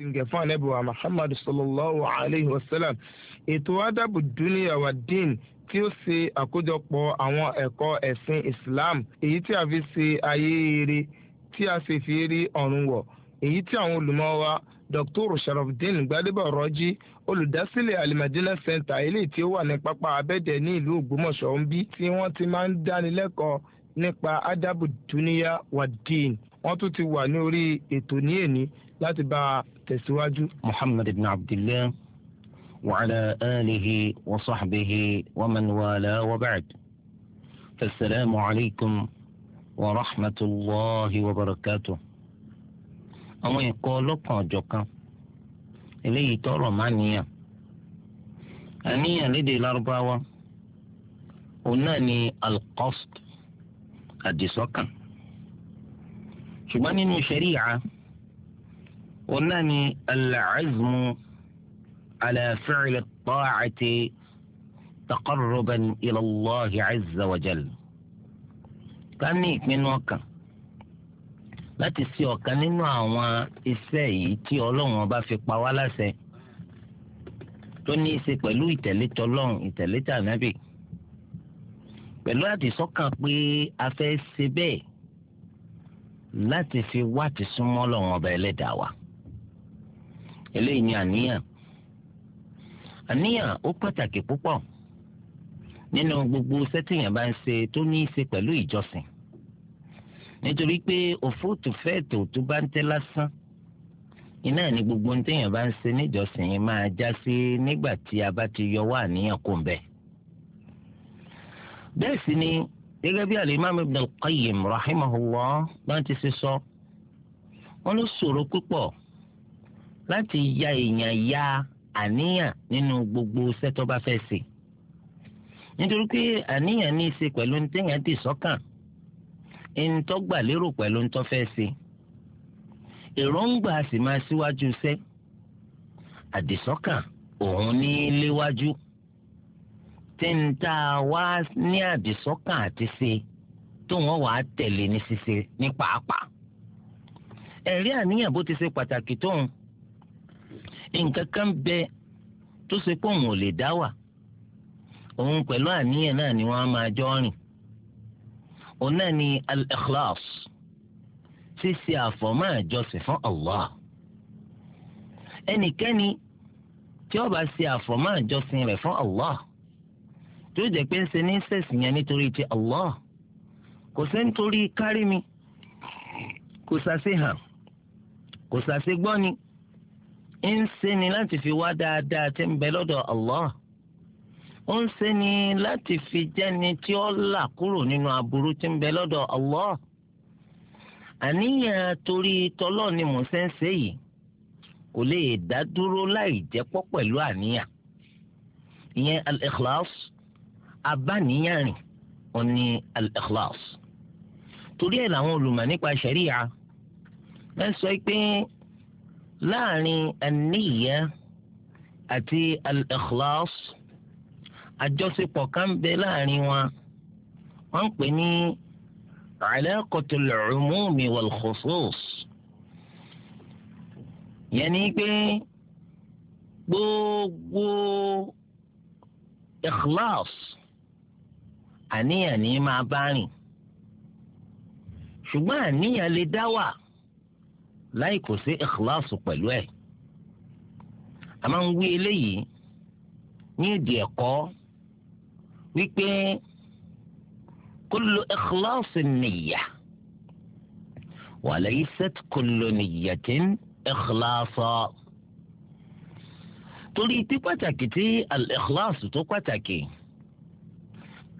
tí ń fún anabi wa muhammadu sallallahu alayhi wa sallam ètò adabu dunya wa din tí ó ṣe àkójọpọ̀ àwọn ẹ̀kọ́ ẹ̀sìn islam èyí tí a fi ṣe ayé eré tí a sì fi rí ọ̀run wọ̀ èyí tí àwọn olùmọ̀ wa dr sharafdin gbadebo rọjí olùdásílẹ̀ alimadina center eléyìí tí ó wà ní pápá abẹ́dẹ̀ ní ìlú ògbómọ̀ṣọ́ ń bí tí wọ́n ti máa ń dánilẹ́kọ̀ọ́ nípa adabu duniya wa din wọ́n tún ti wà ní orí ètò ní èní láti bá a tẹ̀síwájú. Muhammad ibn Abdillah wa ala alihi wa sahbihi wa man wala wa ba'd. Fassalamu alaykum wa rahmatulahi wa barakatuh. àwọn ẹ̀kọ́ ọlọ́kan ọ̀jọ̀kan eléyìí tọrọ máa níyàn àníyàn lédè lárúbáwá òun náà ni alqasd àdìsọ́kàn ṣùgbọ́n nínú ṣẹ̀ríyà. òun náà ni al-azmu ala fi'l at-ta'ati taqarruban ila Allah azza wa jal ká ní ìpinnu ọkàn láti ṣe ọ̀kan nínú àwọn iṣẹ́ yìí tí ọlọ́run ọba fi pa wá láṣẹ tó ní í ṣe pẹ̀lú ìtẹ̀lé tọlọ́run ìtẹ̀lé tànábì pẹ̀lú àdìsọ́kàn pé a fẹ́ ṣe bẹ́ẹ̀ láti fi wá ti súnmọ́ ọlọ́run ọba ẹlẹ́dàá wa. eléyìí ni àníyàn àníyàn ó pàtàkì púpọ̀ nínú gbogbo sẹ́tìyàn bá ń ṣe tó ní í ṣe pẹ̀lú ìjọsìn nítorí pé bá ń tẹ́ lásán iná ní gbogbo téèyàn bá ń ṣe níjọsìn yìí máa já sí nígbà a bá ti yọ wá àníyàn kò ń bẹ. bẹ́ẹ̀ sì ni gẹ́gẹ́ bí al-Imam Ibn al-Qayyim rahimahullah ti ṣe sọ wọ́n ló ṣòro láti ya èèyàn ya àníyàn nínú gbogbo iṣẹ́ tó nítorí pé àníyàn ní í ṣe pẹ̀lú ní téèyàn sọ́kàn gbà lérò pẹ̀lú ní fẹ́ ṣe èròǹgbà sì máa síwájú iṣẹ́ àdìsọ́kàn òun ní léwájú a wá ní àdìsọ́kàn àti ṣe tó wọ́n tẹ̀lé ní ṣíṣe ní pàápàá nǹkan kan bẹ tó ṣe pé òun ò lè dá wà òun pẹ̀lú àníyàn náà ni wọ́n á máa jọ rìn òun náà ni al-ikhlas ṣíṣe àfọ̀mọ́ àjọsìn fún Allah ẹnikẹ́ni tí ó bá ṣe àfọ̀mọ́ àjọsìn rẹ̀ fún Allah tó jẹ́ pé ń ṣe ní sẹ̀sìn yẹn nítorí ti Allah kò sẹ́ nítorí kárí mi kò sàṣe kò sàṣe ń ṣe ni láti fi wá dáadáa tí ń bẹ lọ́dọ̀ Allah ó ń ṣe ni láti fi jẹ́ni tí ó là kúrò nínú aburú tí ń bẹ lọ́dọ̀ Allah àníyàn torí tọ́lọ́ ni mò ń ṣe ń ṣe yìí kò lè dá dúró láì jẹ́pọ̀ pẹ̀lú àníyàn ìyẹn al-ikhlas abáníyàn rìn ní al-ikhlas torí ẹ̀ làwọn olùmọ̀ nípa ṣẹ̀ríyà ẹ̀ sọ pé láàrin àníyá àti al-ikhlas àjọṣepọ̀ kan bẹ láàrin wọn wọ́n ń pè ní alaqatul umumi wal khusus yẹn ni pé gbogbo ikhlas àníyàn ní máa bá rìn ṣùgbọ́n àníyàn lè dá wà láì kò sí ìkíláàsù pẹ̀lú ẹ̀ a máa ń wí eléyìí ní èdè ẹ̀kọ́ wípé kullu ikhlaasin niyya wa laysat kullu niyyatin ikhlaasa torí tí pàtàkì tí al tó pàtàkì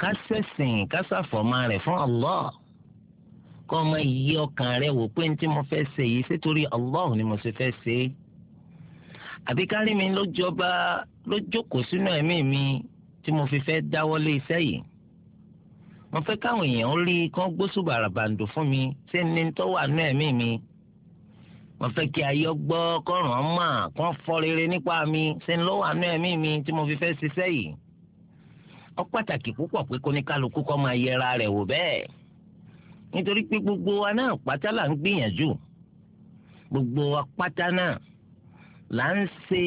ká ṣẹ̀sìn ká ṣàfọ̀mọ́ rẹ̀ fún Allah kọ́ ọmọ yìí ọkàn rẹ wò pé ní tí mo fẹ́ ṣe yìí ṣé torí ni mo ṣe fẹ́ ṣe é àbí kárí mi ló jọba ló jókòó sínú ẹ̀mí mi tí mo fi fẹ́ dáwọ́lé iṣẹ́ yìí mo fẹ́ káwọn èèyàn rí kán gbósù bàràbàǹdò fún mi ṣé ní tó wà nú ẹ̀mí mi mo fẹ́ kí ayé gbọ́ kọ́ràn án mà kán fọ́ rere nípa mi ṣé ní ló wà nú ẹ̀mí mi tí mo fi fẹ́ ṣiṣẹ́ yìí ó pàtàkì púpọ̀ pé kóníkálukú kó máa yẹra rẹ̀ wò bẹ́ẹ̀ nítorí pé gbogbo wa náà pátá là ń gbìyànjú gbogbo wa pátá náà là ń ṣe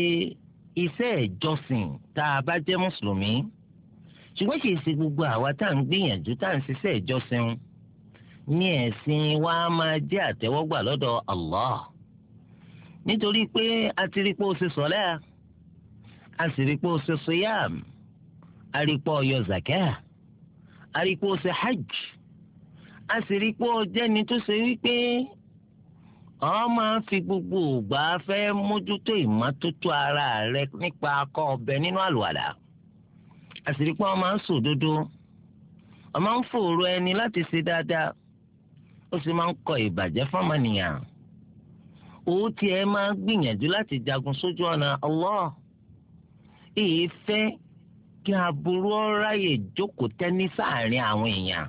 iṣẹ́ ìjọsìn tá a bá jẹ́ mùsùlùmí ṣùgbọ́n kì í ṣe gbogbo àwa tá à ń gbìyànjú tá à ń ṣiṣẹ́ ìjọsìn ní ẹ̀sìn wa máa jẹ́ àtẹ́wọ́gbà lọ́dọ̀ Allah nítorí pé a ti rí pé o ṣe sọ́lẹ́ a a sì rí pé o ṣe sọ́yàm a rí pé o zakẹ́ a rí pé o ṣe hajj a sì rí i pé ó jẹ́ni tó ṣe wípé fi gbogbo ògbà fẹ́ mójútó ìmọ́tótó ara rẹ nípa akọ ọbẹ̀ nínú àlùwàdà. a sì rí pé dodo ọ ń sòdodo wọ́n ń ẹni láti ṣe dáadáa ó sì máa ń kọ ìbàjẹ́ fọ́mọnìyàn òun tiẹ̀ máa jagun sójú ọ̀nà èyí fẹ́ kí aburú ọ̀ráyè jókòó tẹ́ ní sáàárín àwọn èèyàn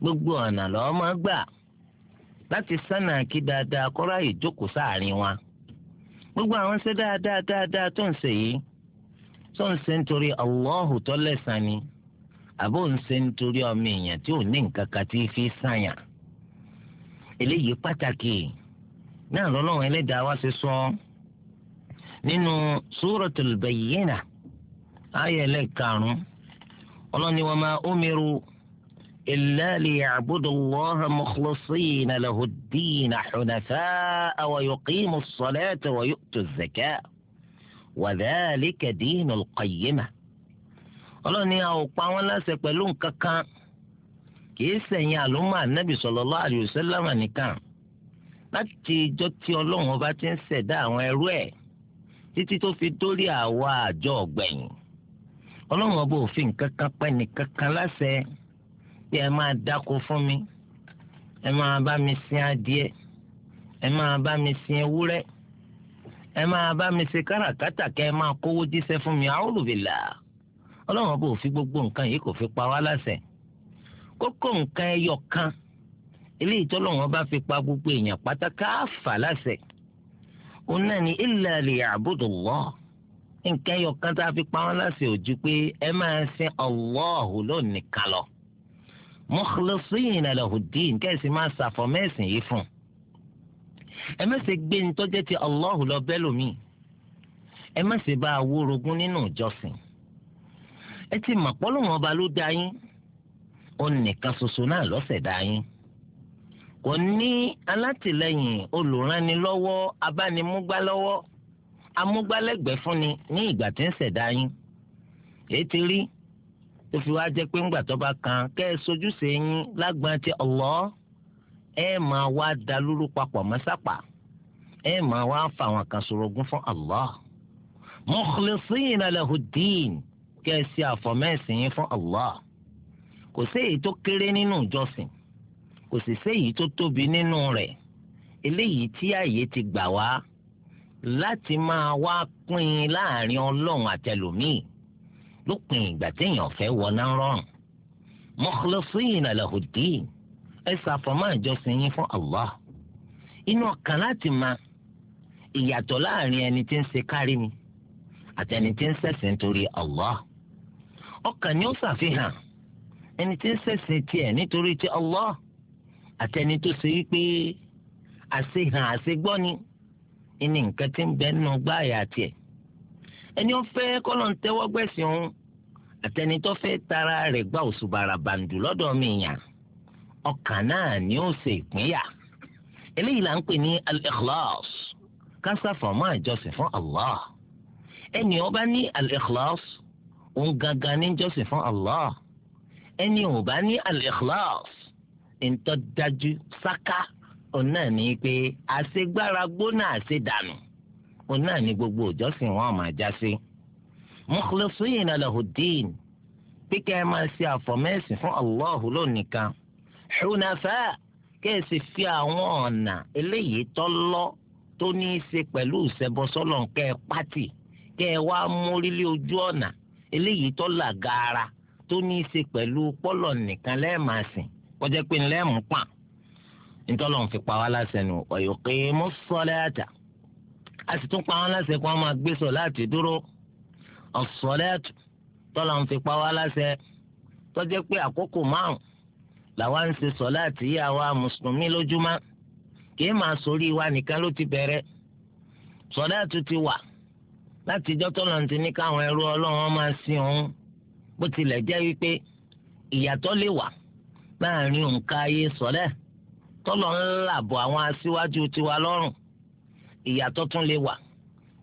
gbogbo ọ̀nà lọ́ọ́ máa gbà láti sánà kí dáadáa kọ́ra ìjókòó sáàrin wa gbogbo àwọn ṣe dáadáa dáadáa tó ń ṣe yìí tó ń ṣe nítorí Allahu tó lẹ́sàn ni àbó ń ṣe nítorí ọmọ èèyàn tí ò ní nǹkan kan tí fi sànyà eléyìí pàtàkì náà lọ́lọ́run ẹlẹ́dàá wá sọ nínú ayẹlẹ́ karùn-ún إلا ليعبدوا الله مخلصين له الدين حنفاء ويقيموا الصلاة ويؤتوا الزكاة وذلك دين القيمة ọlọ́run ni a ò pa wọ́n láṣẹ pẹ̀lú nǹkan kan kìí sẹ̀yìn àlùmọ́ ànábì sallallahu alayhi wa sallam nìkan láti ìjọ tí ọlọ́run ọba ti ń ṣẹ̀dá àwọn ẹrú ẹ̀ títí tó fi dórí àwa àjọ ọ̀gbẹ̀yìn ọlọ́run ọba òfin kankan pẹ́ni kankan láṣẹ pé ẹ máa dáko fún mi ẹ máa bá mi sin adìẹ ẹ máa bá mi sin ewúrẹ́ ẹ máa bá mi ṣe káràkátà kẹ ẹ máa kówó fún mi àólùbìlà ọlọ́run bò fi gbogbo nǹkan yìí kò fi pa wá láṣẹ kókó nǹkan ẹyọ kan eléyìí bá fi pa gbogbo èèyàn pátá káfà òun náà ni nǹkan ẹyọ kan tá a fi pa wá ju pé ẹ máa sin lónìí kan lọ. mukhlisina lahu ddin kẹ́sì máa ṣàfọ̀ mẹ́sìn yìí fún un. ẹ má ṣe gbé ní tọ́jẹ́ ti Allahu lọ bẹ́ẹ̀ lómi ẹ má ṣe bá awórogún nínú ìjọsìn. ẹ ti mọ̀ pọ́lọ́wọ́n ọba ló dá yín ó nìkan ṣoṣo náà lọ́sẹ̀ dá yín. kò ní alátìlẹyìn olùrànilọ́wọ́ abánimúgbálọ́wọ́ amúgbálẹ́gbẹ̀ẹ́ fúnni ní ìgbà tí ń ṣẹ̀dá yín. ètí rí tó fi wá jẹ́ pé ńgbà tó bá kan kẹ́ ẹ sojúṣe yín lágbọ́n ti Allah ẹ máa wá dalúrú papọ̀ mọ́sápà ẹ máa wá fa àwọn kan sorogún fún Allah mukhlisina lahu ddin kẹ́ ẹ ṣe àfọ̀mẹ́sìn fún Allah kò séyìí tó kéré nínú ìjọsìn kò sì séyìí tó tóbi nínú rẹ̀ eléyìí tí ààyè ti gbà wá láti máa wá pín in láàrin ọlọ́run àtẹlòmíì lópin ìgbà téèyàn fẹ́ wọná rọrùn mukhlasina lahuddin ẹ ṣàfọ̀mọ́ ìjọsìn yín fún Allah inú ọkàn láti máa ìyàtọ̀ láàrin ẹni tí ń ṣe kárí mi àti ẹni tí ń ṣẹ̀sìn nítorí Allah ọkàn ni ó ṣàfihàn ẹni tí ń ṣẹ̀sìn tiẹ̀ nítorí ti Allah àti ẹni tó ṣe wípé àṣehàn àṣegbọ́ ni nǹkan ti bẹ nínú gbáàyà ẹni ó fẹ́ àtẹni tó fẹ́ tara rẹ̀ gba òṣùbàrà bàǹdù lọ́dọ̀ mi yàn ọkàn náà ni ó ṣe ìpínyà eléyìí là ń pè ní al-ikhlas kásàfọ̀mọ́ àjọsìn fún Allah ẹni ó bá ní al òun gangan ní jọ́sìn fún Allah ẹni ò bá ní al-ikhlas ntọ́ dájú sáká òun náà ní pé àṣegbára gbóná àṣedànù òun náà ní gbogbo ìjọsìn wọn máa já sí mukhlisina lahu ddin bí kẹ́ ẹ máa ṣe àfọ̀mẹ́sìn fún Allahu lónìkan hunafa kẹ́ ẹ sì fi àwọn ọ̀nà eléyìí tọ́lọ́ tó ní í ṣe pẹ̀lú ìṣẹ́bọsọ́lọ̀ kẹ́ ẹ pátì kẹ́ ẹ wá mórílé ojú ọ̀nà eléyìí tó là gaara tó ní í ṣe pẹ̀lú pọ́lọ̀ nìkan lẹ́ẹ̀máa sìn kọjá pé ńlẹ́ẹ̀mú pa ntọ́lọ̀ ń fi pa wá láṣẹ nù wa yuqimus salata a sì tún pa wá láṣẹ kó wọ́n máa gbé sọ láti dúró ọ̀sọ́lẹ́tù tọ́lá ń fi pa wá láṣẹ tọ́jẹ́ pé àkókò márùn làwa ń ṣe sọ láti yí àwa mùsùlùmí lójúmọ́ kì í máa sórí wa nìkan ló ti bẹ̀rẹ̀ sọ̀lẹ́tù ti wà láti ìjọ́ tọ́lá ti ní káwọn ẹrú ọlọ́run máa sin òun bó tilẹ̀ jẹ́ wípé ìyàtọ̀ lè wà láàrin òǹkà ayé sọ̀lẹ́ tọ́lọ̀ ń làbọ̀ àwọn aṣíwájú tiwa lọ́rùn ìyàtọ̀ tún lè wà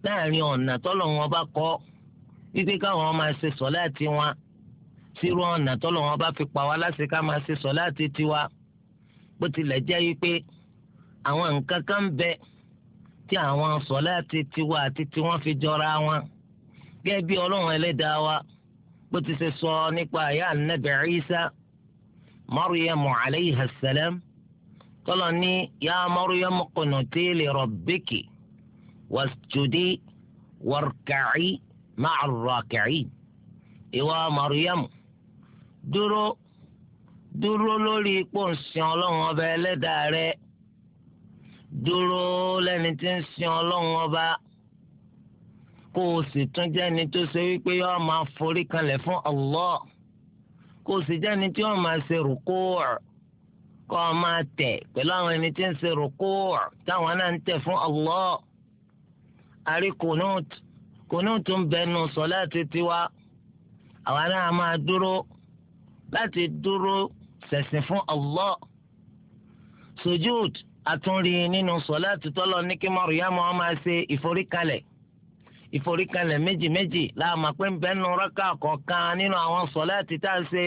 láàrin ọ̀nà tọ́lọ̀ wọn bá kọ́ ọ́ wípé káwọn máa ṣe sọ̀láàtì wọn sírú ọ̀nà tọ́lọ̀ wọn bá fi pa wá láṣẹ ká máa ṣe sọ̀láàtì tiwa bó tilẹ̀ jẹ́ wípé àwọn nǹkan kan ń bẹ tí àwọn sọ̀láàtì tiwa àti tiwọn fi jọra wọn gẹ́gẹ́ bí ọlọ́run ẹlẹ́dàá wa bó ti ṣe sọ nípa àyà Ànábì Ìsá Maryamu alayha salam tọ́lọ̀ ní ya Maryamu qunuti li rabbiki wasjudi warka'i. máa ìwọ mọ̀ríyàmù dúró dúró lórí ipò ńsìn ọlọ́run ọba ẹlẹ́dàá rẹ dúró lẹ́ni tí ń ọlọ́run ọba kó o sì tún jẹ́ni wípé yọ fún ọlọ́ kó o sì jẹ́ni tí ṣe rúkú máa tẹ̀ pẹ̀lú àwọn ẹni tí ń fún kùnúùtù ń bẹnu sọ̀láàtì tiwa àwa náà máa dúró láti dúró ṣẹ̀sìn fún Allah sujud àtúnrí nínú sọ̀láàtì tọ́lọ ní kí Màríyámù ó máa ṣe ìforíkalẹ̀ ìforíkalẹ̀ méjì méjì láàmà pé ń bẹnu rákà kọ̀ọ̀kan nínú àwọn sọ̀láàtì tá a ṣe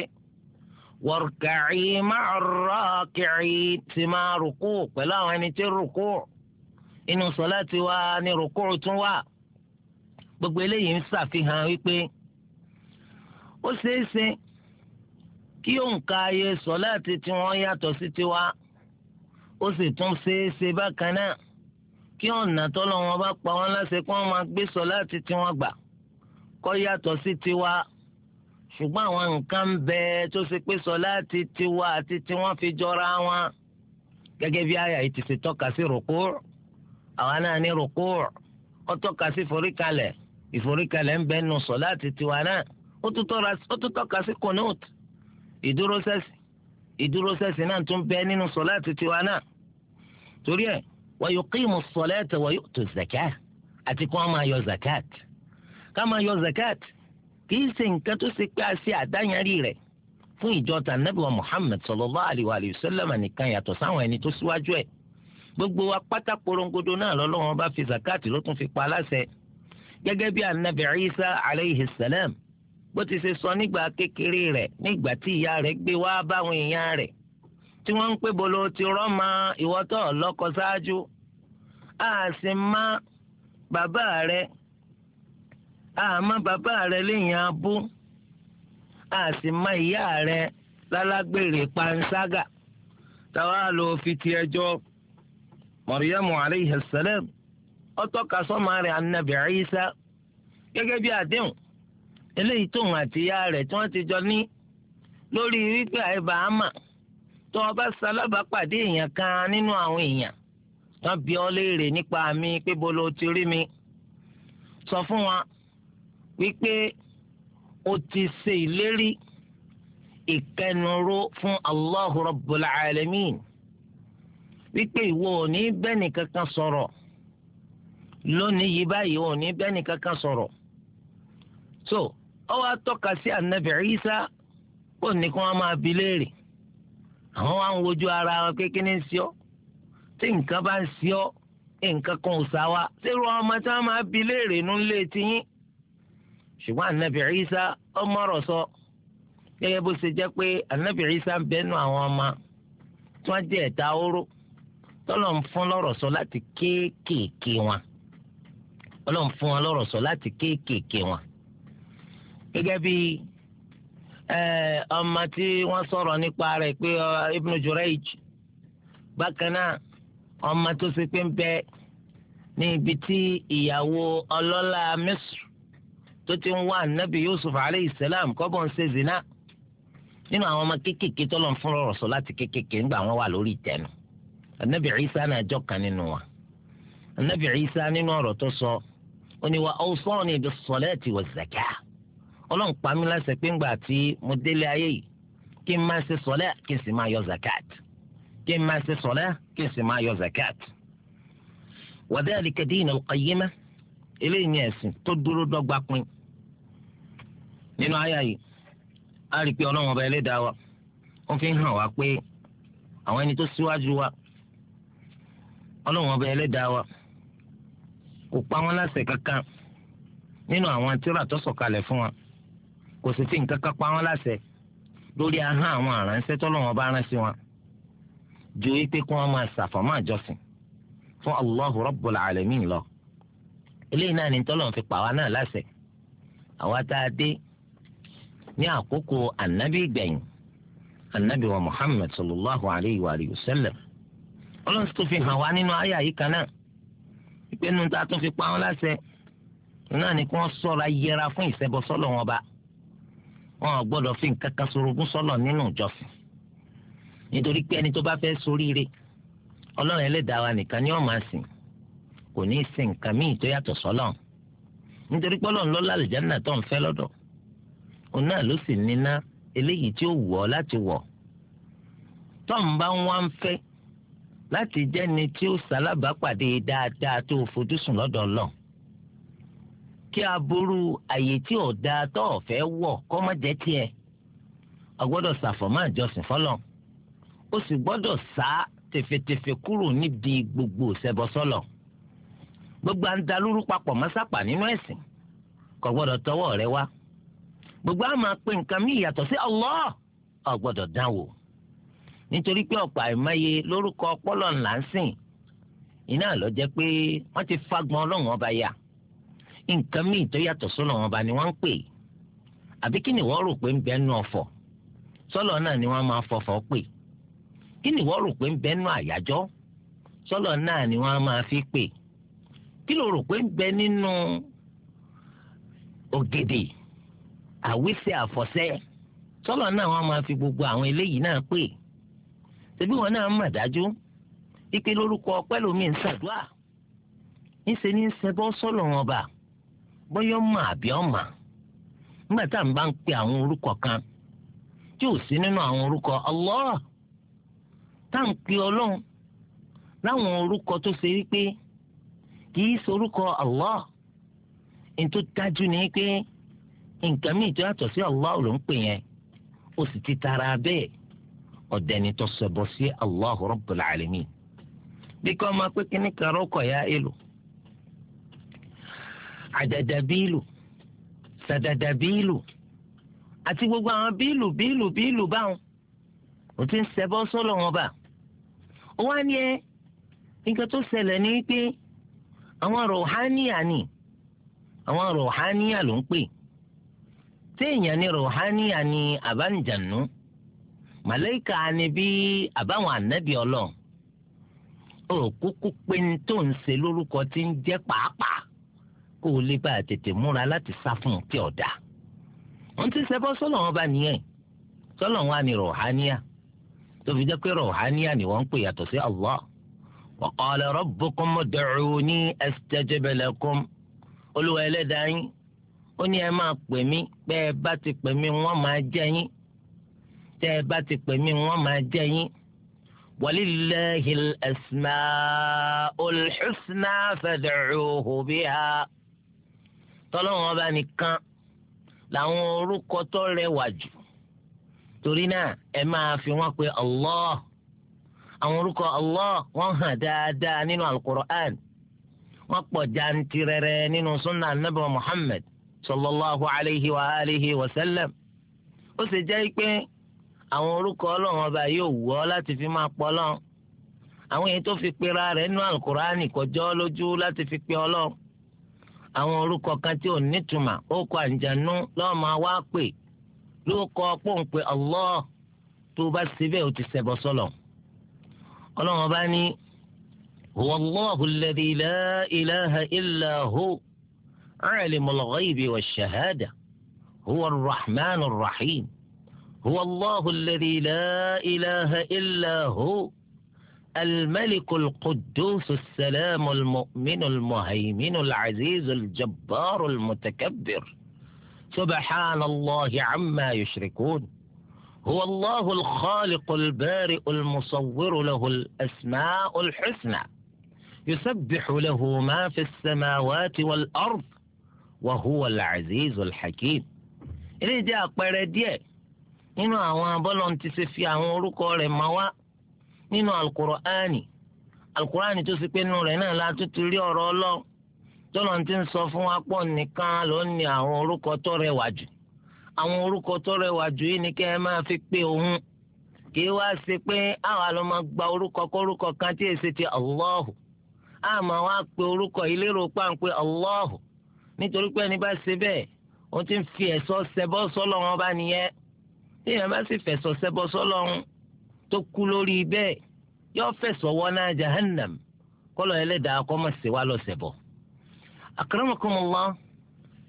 warka'i ma'a raki'in ti máa rùkú pẹ̀lú àwọn ẹni tí rùkú inú sọ̀láàtì wa ni rùkú tún wà gbogbo eléyìí ń ṣàfihàn wípé ó ṣeé ṣe kí òǹkà ayé sọ̀láàtì tí wọ́n yàtọ̀ sí tiwa ó sì tún ṣeé ṣe bákan náà kí ọ̀nà tọ́lọ́ wọn bá pa wọ́n láṣẹ kí wọ́n máa gbé sọ̀láàtì tí wọ́n gbà kọ́ yàtọ̀ sí tiwa ṣùgbọ́n àwọn nǹkan ń bẹ tó ṣe pé sọ̀láàtì tiwa àti tiwọn fi jọra wọn gẹ́gẹ́ bí àyà yìí tọ́ka sí rùkúù àwọn náà ní rùkúù ó sí foríkalẹ̀ ìforíkalẹ̀ ń bẹ́ẹ̀ nù sọ̀láàtì tiwa náà ó tún tọ́ka sí kùnút ìdúróṣẹ́sì ìdúróṣẹ́sì náà tún bẹ́ẹ̀ nínú sọ̀láàtì tiwa náà torí ẹ̀ wa yuqimu sọ̀láàtì wa yu'tu zakat àti kí wọ́n máa yọ zakat ká máa yọ zakat kì í ṣe nǹkan tó ṣe pé a ṣe àdáyanrí rẹ̀ fún ìjọ ta nabi wa Muhammad sallallahu alayhi wa sallam nìkan yàtọ̀ sáwọn ẹni tó síwájú ẹ̀ gbogbo wa pátá porongodo náà lọ́lọ́wọ́n bá fi zakat ló tún fi pa aláṣẹ gẹ́gẹ́ bí anabi isa aleyhi salam bó ti ṣe sọ nígbà kékeré rẹ̀ nígbà tí ìyá rẹ̀ gbé wá báwọn èèyàn rẹ̀ tí wọ́n ń pè bolo ti rọ́mà ìwọ́tọ̀ lọ́kọ ṣáájú a sì má bàbá rẹ̀ a má bàbá rẹ̀ léèyàn abú a sì má ìyá rẹ̀ lálágbèrè panṣágà táwa lọ fi ti ẹjọ́ mọ̀ríyàmù aleyhi salam Ọ sọ́mọ rẹ̀ anabi Isa gẹ́gẹ́ bí àdéhùn eléyìí tóun àti tí ti jọ ní lórí wípé àìbáàmà tó pàdé èèyàn kan nínú àwọn èèyàn wọ́n bi ọ́ léèrè nípa mi pé bolo ti rí mi sọ fún wa wípé o ti ṣe ìlérí ìkẹnuró fún Alamin wípé ìwọ ò ní bẹ́ẹ̀ lónìí yìí báyìí wọn ò ní bẹ́ẹ̀ nìkankan sọ̀rọ̀ so ó wá sí anabi isa ó ní kí wọ́n máa bi léèrè àwọn wá ń wojú ara wọn kékeré ń sí tí nǹkan bá ń ọ nǹkan kan ò sá wa ṣé irú ọmọ tí sọ gẹ́gẹ́ bó ṣe pé anabi ń bẹ́nu àwọn ọmọ tí wọ́n jẹ́ ẹ̀ta oró tọ́lọ̀ ń fún lọ́rọ̀ sọ láti kéékèèké wọn. ọlọ́run fún wọn lọ́rọ̀ sọ láti kéékèèké wọn. gẹ́gẹ́ bí ọmọ tí wọ́n sọ̀rọ̀ nípa rẹ̀ pé Ibn Jurayj bákan náà ọmọ tó ṣe pé ń bẹ ní ibi tí ìyàwó ọlọ́lá Misr tó ti ń wá Yusuf alayhi kọ́bọ̀ ń zina nínú àwọn ọmọ kéékèèké tó lọ́n fún lọ́rọ̀ sọ láti kéékèèké wọn wà lórí ìtẹ́nu Isa náà nínú wa Isa nínú ọ̀rọ̀ ó ní wa awsani bis-salati waz-zakah ọlọ́run pa mí pé ńgbà tí mo délé ayé yìí kí n máa ṣe sọlẹ kí n sì máa yọ zakat kí n máa ṣe sọlẹ́ kí n sì máa yọ zakat. nínú a rí i pé ọlọ́run ọba wa ó fi hàn wá pé àwọn ẹni tó kò pa wọn láṣẹ kankan nínú àwọn tírà tó sọ̀kalẹ̀ fún wa kò sì fi nǹkan kan pa wọn láṣẹ lórí ahọ́n àwọn aránṣẹ́ tọ́lọ́wọ́n bá rán sí wọn ju wípé kí wọ́n máa ṣàfọ̀mọ́ àjọsìn fún Allahu Rabbul Alamin lọ eléyìí náà ni tọ́lọ́wọ́n fi pa wá náà láṣẹ àwa tá a dé ní àkókò ànábì gbẹ̀yìn ànábì wa Muhammad sallallahu alayhi wa sallam ọlọ́run tó fi hàn wá nínú àyà yìí náà ìpinnu tá a tún fi pa wọn láṣẹ náà ni kí wọ́n ṣọ́ra yẹra fún ìṣẹbọ sọ́lọ̀ wọn bá wọn ò gbọ́dọ̀ fi nǹkan kan sorogún sọ́lọ̀ nínú ìjọsìn nítorí pé ẹni tó bá fẹ́ soríire ọlọ́run ẹlẹ́dàá wa nìkan ni ó máa sìn kò ní í sìn nǹkan míì tó yàtọ̀ sọ́lọ̀ nítorí pé ọlọ́run lọ́la àlùjáná tó ń fẹ́ lọ́dọ̀ òun náà ló sì níná eléyìí tí ó wọ̀ láti wọ̀ tọ́ǹbà ń fẹ́ láti ni tí ó ṣalábàápàdé dáadáa tó fojúsùn lọ́dọ̀ Ọlọ́run kí aburú àyè tí ò dáa tó ọ̀fẹ́ wọ̀ kọ́ má jẹ́ tiẹ̀ a gbọ́dọ̀ àjọsìn fọ́lọ̀ ó sì gbọ́dọ̀ sá tẹ̀fẹ̀tẹ̀fẹ̀ kúrò níbi gbogbo ìṣẹ́bọsọ́lọ̀ gbogbo à papọ̀ mọ́sápà nínú ẹ̀sìn kò gbọ́dọ̀ tọwọ́ rẹ wá gbogbo àmà pé nǹkan mí ìyàtọ̀ sí Allah nítorí pé ọ̀pọ̀ àìmọye lórúkọ ọpọlọ ńlá ń sìn iná lọ jẹ́ pé wọ́n ti fagbọn ọlọ́run ọba yá nǹkan míì tó yàtọ̀ sọ́nà ọba ni wọ́n ń pè àbí kí ni wọ́n rò pé ń bẹ nú ọ̀fọ̀ sọ́lọ̀ náà ni wọ́n máa fọ̀fọ̀ pè kí ni wọ́n rò pé ń bẹ nú àyájọ́ sọ́lọ̀ náà ni wọ́n máa fi pè kí ló rò pé ń bẹ nínú ògèdè àwísẹ̀ àfọ̀sẹ́ sọ́lọ̀ náà wọ́n máa fi gbogbo àwọn eléyìí náà pè. ṣebí wọn náà mà dájú ike lórúkọ ọpẹ́ lomi ń ṣàdúrà ńṣe ní ṣẹbọ sọlọ wọn bá bọyọ mà àbí ọmà nígbà tá à àwọn orúkọ kan tí ò sí nínú àwọn orúkọ Allah tá à ń pe Ọlọ́run láwọn orúkọ tó ṣe wípé dájú ni pé nǹkan ti tara bẹ́ẹ̀ ọ̀dẹni tó ṣẹbọ sí Allah Rabbul Alamin bí kò máa pé kíní ya èlò àjàjà bíìlù sàdàdà àti gbogbo àwọn bíìlù bíìlù bíìlù báwọn ò ti ń wọn bá ó wá ní ẹ nǹkan tó ṣẹlẹ̀ ní pé àwọn rọ̀háníà ni àwọn rọ̀háníà ló ń màlẹ́kà ni bí àbáwọn ànábì ọlọ́run ó kúkú pé ní tó ń ṣe lórúkọ tí ń jẹ́ pàápàá kó o lè bá a tètè múra láti sá fún un tí ọ̀dà ti ṣẹbọ sọ́lọ̀ wọn bá nìyẹn sọ́lọ̀ wọn ni rọ̀háníà tó fi jẹ́ pé rọ̀háníà ni wọ́n ń pè yàtọ̀ sí wa ní ẹ máa pè mí bá ti tẹ́ ẹ bá ti pè mí wọ́n máa jẹ́ yín. ولله الأسماء الحسنى فادعوه بها tọ́lọ́run ọba nìkan làwọn orúkọ tó rẹwà jù torí náà ẹ máa fi wọ́n pe allah àwọn orúkọ allah wọ́n hàn dáadáa nínú alukur'an wọ́n pọ̀ jantirẹrẹ nínú sunna anabi muhammad sallallahu alayhi wa alihi wa sallam ó sì jẹ́ pé àwọn orúkọ ọlọ́run ọba yóò wù ọ́ láti fi máa pọ̀ ọlọ́run àwọn èyí tó fi pera rẹ̀ nínú alukurani kọjọ́ lójú láti fi pe ọlọ́run àwọn orúkọ kan tí ò nítumà ó kọ àǹjànú lọ́ọ́ máa wá pè ló kọ pòǹpẹ Allah tó bá síbẹ̀ ó ti ṣẹbọ sọlọ ọlọ́run ọba ní wallahu alladhi la ilaha illa hu alimul ghaibi wash shahada huwa ar-rahmanur rahim. هو الله الذي لا إله إلا هو الملك القدوس السلام المؤمن المهيمن العزيز الجبار المتكبر سبحان الله عما يشركون هو الله الخالق البارئ المصور له الأسماء الحسنى يسبح له ما في السماوات والأرض وهو العزيز الحكيم إذا دي أقبل nínú àwọn abọ́lọ̀ ti ṣe fi àwọn orúkọ rẹ̀ mọ́ wá nínú alukur'ani alukur'ani tó ṣe pé nínú rẹ̀ náà la tún ti rí ọ̀rọ̀ ọlọ́run tọ́lọ̀ ti ń sọ fún wa pọ̀ nìkan ló ní àwọn orúkọ tó rẹwà jù àwọn orúkọ tó rẹwà jù yìí ni kẹ́ ẹ máa fi pé òun kì í wá ṣe pé àwa ló máa gba orúkọ kórúkọ kan tí èsì ti Allahu a máa wá pe orúkọ yìí lérò Allahu nítorí pé ẹni bá ṣe bẹ́ẹ̀ ó ti ń fi ẹ̀sọ́ ṣẹbọ́ sọ́lọ́ wọn bá nìyẹn téèyàn bá sì fẹ̀sọ̀ ṣẹbọ sọ́lọ́run tó kú lórí bẹ́ẹ̀ yóò fẹ̀sọ̀ wọná jahannam kọ́lọ̀ ẹlẹ́dàá kọ́mọ̀ sí wa lọ́sẹ̀ bọ̀. akramakumullah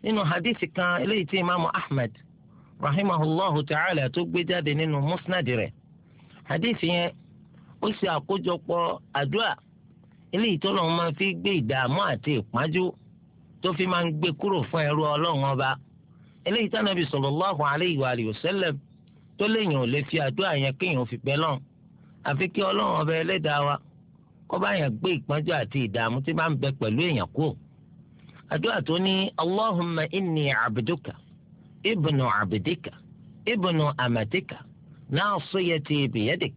nínú hadith kan eléyìí tí imaamu ahmed rahimahullahu ta'ala tó gbé jáde nínú musnad rẹ̀ hadith yẹn ó ṣe àkójọpọ̀ àdúrà eléyìí tó lọ́wọ́ máa fi gbé ìdààmú àti ìpájú tó fi máa ń gbé kúrò fún ẹrú ọlọ́run ọba eléyìí tánàbí sallallahu alayhi wa tó léèyàn ò lè fi àdúrà yẹn kéèyàn fi bẹ́ lọ́n àfi kí ọlọ́run ọba ẹlẹ́dàá wa kó bá yẹn gbé ìpọ́njú àti ìdààmú tí bá ń bẹ pẹ̀lú èèyàn kú. àdúrà tó ní allahumma inni abduka ibnu abdika ibnu amatika naasiyati biyadik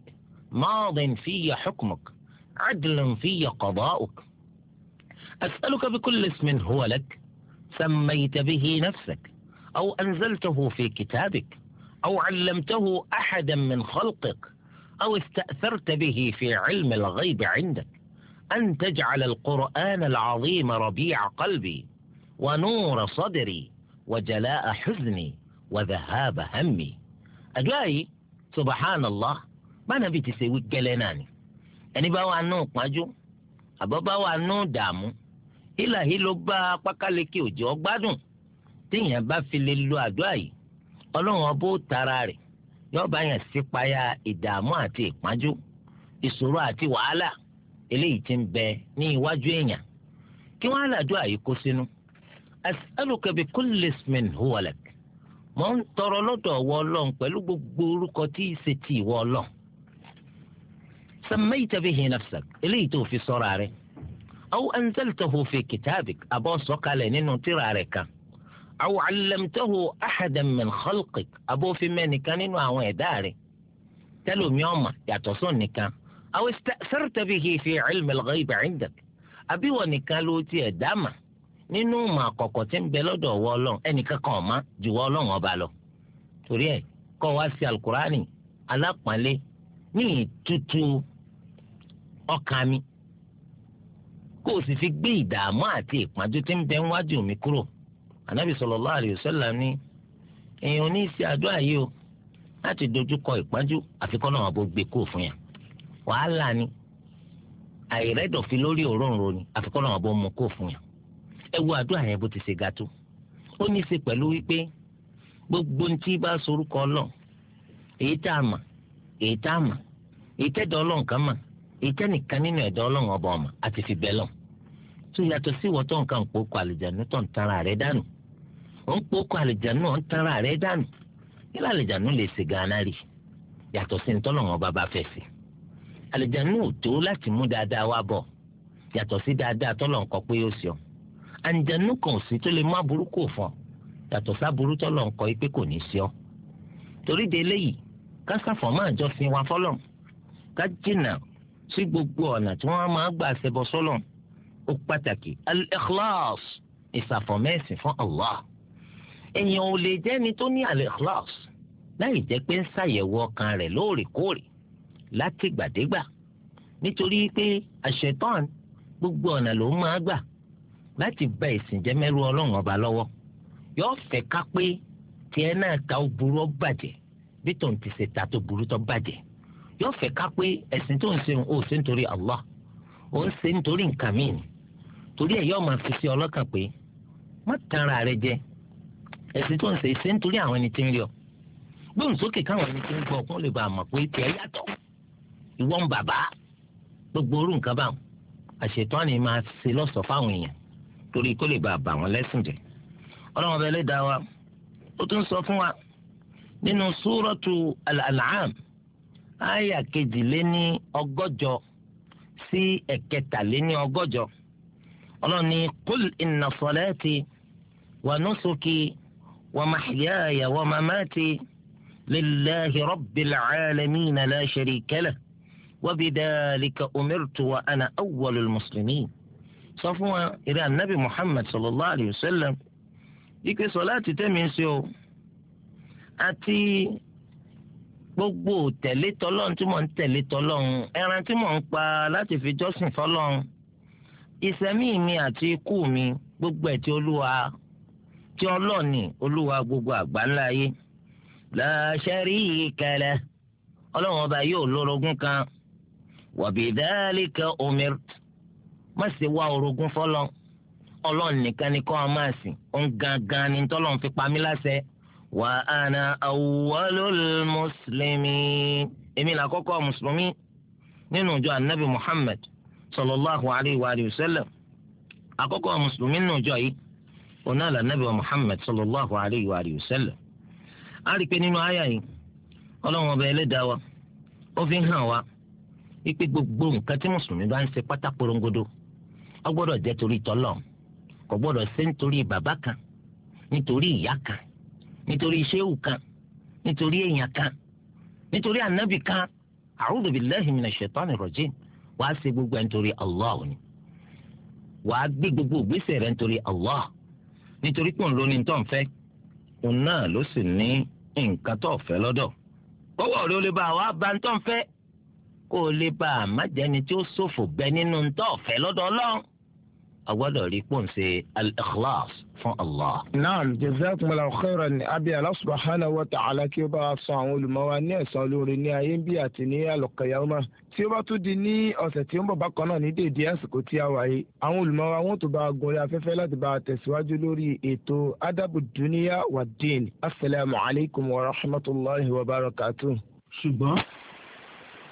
maadin fiya hukmuk cadlan fiya qadaa'uk. أسألك بكل اسم هو لك سميت به نفسك أو أنزلته في كتابك أو علمته أحدا من خلقك أو استأثرت به في علم الغيب عندك أن تجعل القرآن العظيم ربيع قلبي ونور صدري وجلاء حزني وذهاب همي أجلائي سبحان الله ما نبي تسوي جلناني يعني باو nù pọ́njú قاجو أبا باو ìlàhí ló دامو إلهي لبا قاكاليكي وجوك بادو pakaleke ojo ogbadun teeyan ọlọ́run ọbọ̀ tara rẹ̀ yóò bá yẹn sípayà ìdààmú àti ìpájú ìṣòro àti wàhálà eléyìí tí ń bẹ ní iwájú èèyàn kí wọ́n á làjọ àyíkó sínú as'aluka bi kulli ismin huwa lak mò ń tọrọ lọ́dọ̀ ọwọ́ ọlọ́run pẹ̀lú gbogbo orúkọ tí í ṣe ti ìwọ ọlọ́run sammayta bihi nafsak eléyìí tó fi sọ́ra rẹ̀ aw anzaltahu fi kitabik àbọ̀ sọ̀kalẹ̀ nínú tírà rẹ̀ kan aw allamtahu ahadan min khalqik abófin mẹ́nìkan nínú àwọn ẹ̀dá rẹ̀ tẹ́lómi ọ̀mà yàtọ̀ sóun nìkan aw ista'tharta bihi fi ilmi al-ghaybi 'indak àbíwọ̀ nìkan ló tiẹ̀ dáàmà nínú ìmọ̀ àkọ́kọ́ tí ń bẹ lọ́dọ̀ ọwọ́ ọlọ́run ẹnìkan kan ọ̀ma ju ọwọ́ ọlọ́run ọba lọ. torí ẹ kọ́ wá sí alukurani alápọ̀nlé ní ìtútù ọkàn mi sì fi gbé ìdààmú àti ìpọ́njú tí ń bẹ ń wájú mi kúrò anabi sallallahu alayhi wa sallam ní èèyàn ní ìsì àdúrà yìí o láti dojúkọ ìpájú àfikọ́ náà wọn bó gbé kó fún yàn wàhálà ni àìrẹ́dọ̀fin lórí òróǹro ni àfikọ́ náà wọn bó mú kó fún yàn ẹ wo àdúrà yẹn bó ti ṣe ga tó ó ní í ṣe pẹ̀lú wípé gbogbo ní tí bá sorúkọ ọlọ́ èyí tá a mà èyí tá a mà èyí tẹ́dọ̀ ọlọ́run kan mà èyí tẹ́nìkan nínú ẹ̀dọ́ ọlọ́run ọba ọ̀mà àti fi tó yàtọ̀ sí ìwọ́tọ̀ nǹkan pòókò àlùjáde tó ń tara rẹ̀ dànù ó ń pokò àlìjánu ó ń tanra rẹ̀ dànù nílẹ̀ àlìjánu lè ṣe gánà rì yàtọ̀ sí ntọ́lọ́wọ́n bàbá fẹ́ sí àlìjánu ò tó láti mú dáadáa wá bọ̀ yàtọ̀ sí dáadáa tọ́lọ̀ ń kọ pé yóò sọ àlìjánu kan ò sí tó lè má burúkú fún ọ yàtọ̀ sáburú tọ́lọ̀ ń kọ pé kò ní sí ọ torí de eléyìí ká máa jọ sin wa fọlọ́ ká jìnnà sí gbogbo ọ̀nà tí wọ́n máa gbà ṣẹbọ sọ́lọ̀ ó pàtàkì al ìsàfọ̀mẹ́sìn fún Allah èèyàn ò lè ni tó ní al-ikhlas láì jẹ́ pé ń ṣàyẹ̀wò ọkàn rẹ̀ lóòrèkóòrè látìgbàdégbà nítorí pé àṣetán gbogbo ọ̀nà ló máa gbà láti bá ìsìn jẹ́ mẹ́rú ọlọ́run ọba lọ́wọ́ yóò fẹ́ ká pé tiẹ̀ náà ta ó burú ó bàjẹ́ bí tòun ti ṣe ta tó burú tó bàjẹ́ yóò fẹ́ ká pé ẹ̀sìn tó ń ṣe ò ṣe nítorí Allah ò ń ṣe nítorí nǹkan míì torí ẹ̀ yóò máa fi sí ọlọ́kàn pé má tanra rẹ jẹ ẹ̀sìn tó ń ṣe ṣe nítorí àwọn ẹni tí ń rí ọ gbóhùn sókè káwọn ẹni tí ń gbọ́ kó lè bá a mọ̀ pé tiẹ̀ yàtọ̀ ìwọ ń bàbá gbogbo orú nǹkan báwọn àṣetán ni máa ṣe lọ́sọ̀ọ́ fáwọn èèyàn torí kó lè bá a bà wọ́n lẹ́sìn jẹ́ ọlọ́run ọba ẹlẹ́dàá wa ó tún sọ fún wa nínú súrọ́tù al-an'am àyà kejìléní ọgọ́jọ sí ẹ̀kẹtàléní ọgọ́jọ ọlọ́run ní kúl inna salati wa nusuki. ومحياي ومماتي لله رب العالمين لا شريك له وبذلك أمرت وأنا أول المسلمين صفوا إلى النبي محمد صلى الله عليه وسلم ike sọláàtì tẹ̀mí ń ṣe o àti gbogbo tẹ̀lé tọlọ́run tí mò ń tẹ̀lé tọlọ́run ẹran tí mò ń pa láti fi jọ́sìn fọlọ́run ìṣẹ̀mí mi àti ikú mi gbogbo ẹ̀ tí olúwa tí ọlọ́ọ̀ni olúwa gbogbo àgbáńlá ayé la sharika lah ọlọ́run ọba yóò lórogún kan wa bidhalika umir má ṣe wá orogún fọlọ́ ọlọ́ọ̀ni nìkan ni kọ́ ọ máa sìn òun gangan ni tọ́lọ́run fi pa mí láṣẹ wa ana awwalul muslimin èmi là kọ́kọ́ mùsùlùmí nínú ìjọ anabi muhammad sallallahu alayhi wa àkọ́kọ́ mùsùlùmí nínú ìjọ yìí oná àlànàbí wa Muhammad sallallahu alayhi wa sallam a rí i pé nínú àyà yìí ọlọ́run ọba ẹlẹ́dàá wa ó fi hàn wá wípé gbogbo nǹkan tí mùsùlùmí bá ń ṣe pátá porongodo ó gbọ́dọ̀ jẹ́ torí tọ́lọ̀ kò gbọ́dọ̀ ṣe nítorí bàbá kan nítorí ìyá kan nítorí ṣéwù kan nítorí èèyàn kan nítorí ànábì kan a'udhu billahi minash shaitani rajim wàá ṣe gbogbo ẹ̀ nítorí Allah ni wàá gbé gbogbo ìgbésẹ̀ rẹ̀ nítorí Allah nítorí pé òun ló ní tó ń fẹ́ òun náà ló sì ní nǹkan tó fẹ́ lọ́dọ̀ kọ́wọ́ rẹ ó lè bá wa bá ń tó ń fẹ́ kó o lè bá a má jẹ́ni tí ó ṣòfò gbẹ nínú tó fẹ́ lọ́dọ̀ ọlọ́run a gbọ́dọ̀ rí pòǹsẹ̀ al-ikhlas fún allah. naam jazakumullahu khairan ni abi Allah subhanahu wa ta'ala kí ó bá a san àwọn olùmọ̀wá ní ẹ̀san olóore ní ayé ń bí àti ní alqiyama tí ó bá tún di ní ọ̀sẹ̀ tí ó ń bọ̀ bákan náà ní dèédé àsìkò tí a wà àwọn olùmọ̀wá wọn tó bá a gorí afẹ́fẹ́ láti bá a tẹ̀síwájú lórí ètò adabu duniya wa din asalaamualeykum wa rahmatulahi wa barakatuh. ṣùgbọ́n